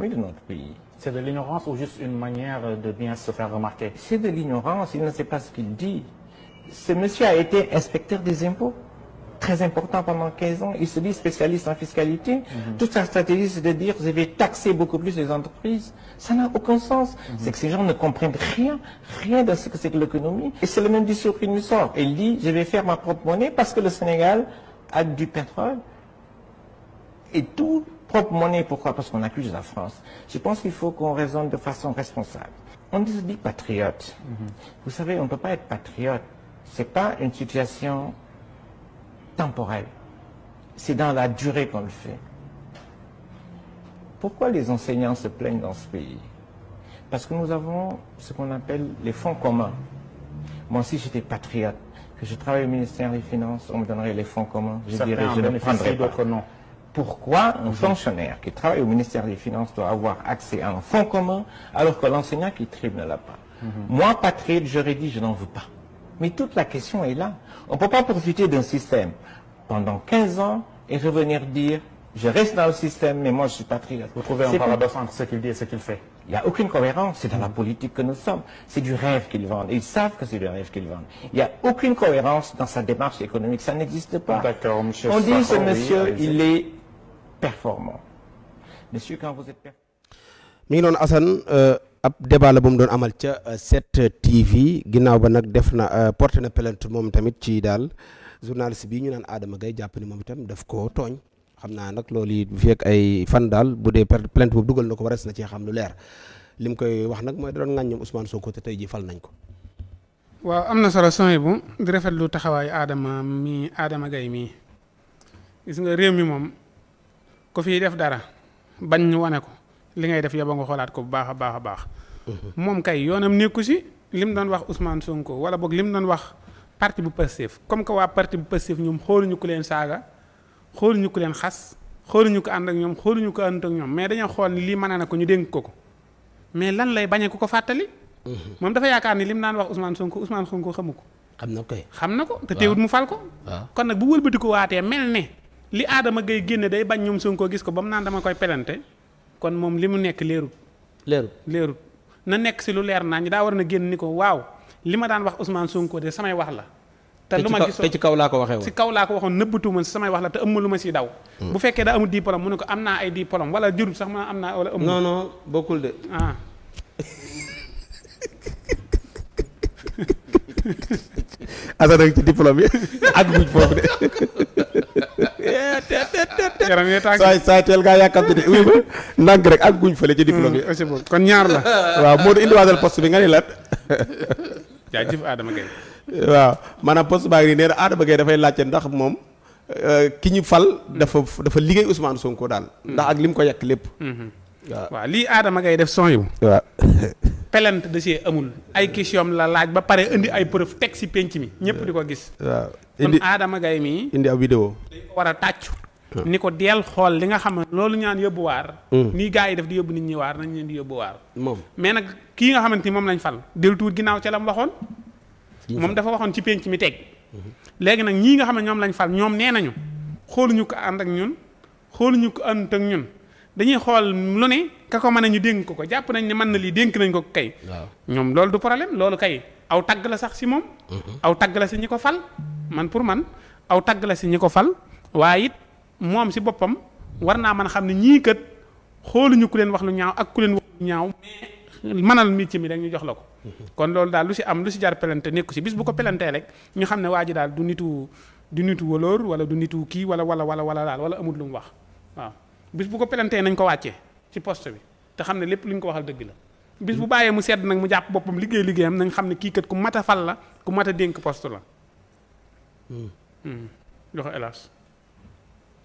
Oui, de notre pays. C'est de l'ignorance ou juste une manière de bien se faire remarquer C'est de l'ignorance, il ne sait pas ce qu'il dit. Ce monsieur a été inspecteur des impôts, très important pendant 15 ans. Il se dit spécialiste en fiscalité. Mm -hmm. Toute sa stratégie, c'est de dire, je vais taxer beaucoup plus les entreprises. Ça n'a aucun sens. Mm -hmm. C'est que ces gens ne comprennent rien, rien de ce que c'est que l'économie. Et c'est le même discours qu'il nous sort. Il dit, je vais faire ma propre monnaie parce que le Sénégal a du pétrole. Et tout propre monnaie. Pourquoi Parce qu'on accuse la France. Je pense qu'il faut qu'on raisonne de façon responsable. On se dit patriote. Mm -hmm. Vous savez, on ne peut pas être patriote. Ce n'est pas une situation temporelle. C'est dans la durée qu'on le fait. Pourquoi les enseignants se plaignent dans ce pays Parce que nous avons ce qu'on appelle les fonds communs. Moi, si j'étais patriote, que je travaille au ministère des Finances, on me donnerait les fonds communs. Je Certains dirais, je ne prendrais pas. pourquoi un fonctionnaire qui travaille au ministère des Finances doit avoir accès à un fonds commun alors que l'enseignant qui tripe ne l'a pas mm -hmm. Moi, patriote, j'aurais dit je n'en veux pas. Mais toute la question est là. On ne peut pas profiter d'un système pendant 15 ans et revenir dire je reste dans le système, mais moi je suis patriote. Vous trouvez un paradoxe entre ce qu'il dit et ce qu'il fait il n'y a aucune cohérence, c'est dans la politique que nous sommes. C'est du rêve qu'ils vendent. Ils savent que c'est du rêve qu'ils vendent. Il n'y a aucune cohérence dans sa démarche économique. Ça n'existe pas. On dit ce monsieur, oui, il est performant monsieur quand vous êtes ngi noonu Assane euh, ab débat la bu mu doon amal ca 7TV euh, ginnaaw ba nag def na euh, porté na plainte moom tamit ci daal journaliste bi ñu naan Adama gay jàpp ni moom itam def koo tooñ xam naa nag loolu yi fekk ay fan daal bu dee plainte boobu dugal na ko waras na cee xam lu leer li koy wax nag mooy da doon ŋàññoom Ousmane Sonko te tey ji fal nañ ko. waaw am na solo sëñ bu di rafetlu taxawaayu Adama mi Adama Gaye mii gis nga réew mi moom ku fiy def dara bañ ñu wane ko li ngay def yaba nga xoolaat ko bu baax a baax a baax. Mhm. moom kay yoonam nekku si li mu doon wax Ousmane Sonko wala boog li mu doon wax parti bu Pastef comme que waa parti bu Pastef ñoom xooluñu ku leen saaga xooluñu ku leen xas xooluñu ko ànd ak ñoom xooluñu ko ànd ak ñoom mais dañoo xool ni lii mën na ko ñu dénk ko ko mais lan lay bañee ku ko fàttali. Mhm. moom dafa yaakaar ni li mu daan wax Ousmane Sonko Ousmane Sonko xamu ko. xam na ko xam na ko te teewut mu fal ko. kon nag bu wëlbati ko waatee mel ne. li aadama Gaye génne day bañ ñoom Sonko gis ko ba mu naan dama koy pelante kon moom li mu nekk leerut. leerut leerut na nekk si lu leer naa ñu daa war na génn ni ko waaw li ma daan wax usmaan sunkoo de samay wax la. te lu ma gisoon te ci kaw laa ko waxee woon. si kaw laa ko waxoon nëbbatu ma si samay wax la te ëmm lu ma si daw. Hmm. bu fekkee daa di diplôme mu ne ko am naa ay diplôme wala jurut sax ma am naa wala ëmm. non bokkul de. ah. Assane yaram yee tàng saay saay teel ngaa yàkkamti de oui ba ndànk rek ak guñ fële ci diplôme yi mm, kon ñaar la waaw moo di indiwaatal poste bi nga ne lan jaajëf Adama Gaye waaw maanaam poste baa ngi nii nee na Adama Gaye dafay laajte ndax moom euh, ki ñu fal dafa dafa liggéey Ousmane Sonko daal ndax ak li mu ko yàq lépp mm-hmm. waaw waaw lii Adama Gaye def son yu waaw pelante da amul ay question la laaj ba pare indi ay preuve teg si penc mi ñëpp di ko gis waaw indi Adama Gaye mii indi ab vidéo war a tàccu ni ko deel xool li nga xam ne loolu ñaan yóbbu waar mm. nii gars yi def di yóbbu nit ñi waar nañ leen di yóbbu waar moom mais nag kii nga xamante ni moom lañ fal del tuut ginnaaw ca la mu waxoon moom dafa waxoon ci penc mi teg mm-hmm. léegi nag ñii nga xam ne ñoom lañ fal ñoom nee nañu xooluñu ko ànd ak ñun xooluñu ko ànd ak ñun dañuy xool lu ne ka ko mën a ñu dénk ko ko jàpp nañ ne mën na lii dénk nañ ko ko kay ñoom loolu du problème loolu kay aw tagg la sax si moom mm-hmm. aw tagg la ñi ko fal man pour man aw tagg si ñi ko fal moom si boppam war naa mën a xam ne ñii kat xooluñu ku leen wax lu ñaaw ak ku leen wax lu ñaaw mais mënal métier mi rek ñu jox la ko kon loolu daal lu si am lu si jar pelante nekku si bis bu ko pelantee rek ñu xam ne waa ji daal du nitu du nitu waloor wala du nitu kii wala wala wala wala daal wala amul lu mu wax waaw bis bu ko pelantee nañ ko wàccee ci post bi te xam ne lépp lu ñu ko waxal dëgg la bis bu bàyyee mu sedd nag mu jàpp boppam liggéey liggéeyam nañ xam ne kii kat ku mat a fal la ku mat a dénk poste la hmm. hmm. joxe hélas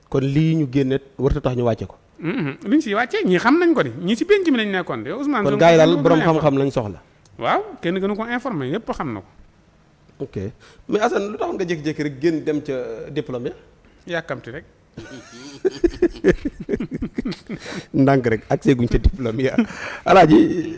kon lii ñu génne warta tax ñu wàcce ko. Mm-hmm. liñ si wàccee ñii xam nañ ko de ñii si penc mi lañ nekkoon de Ousmane. kon gars yi daal borom xam-xam lañ soxla. waaw kenn gënu ko informé ñëpp xam na ko. ok mais Assane lu tax nga jékki-jékki rek génn dem ca diplôme ya. yàkkamti rek. ndànk rek ak guñ ca diplôme ya alaaji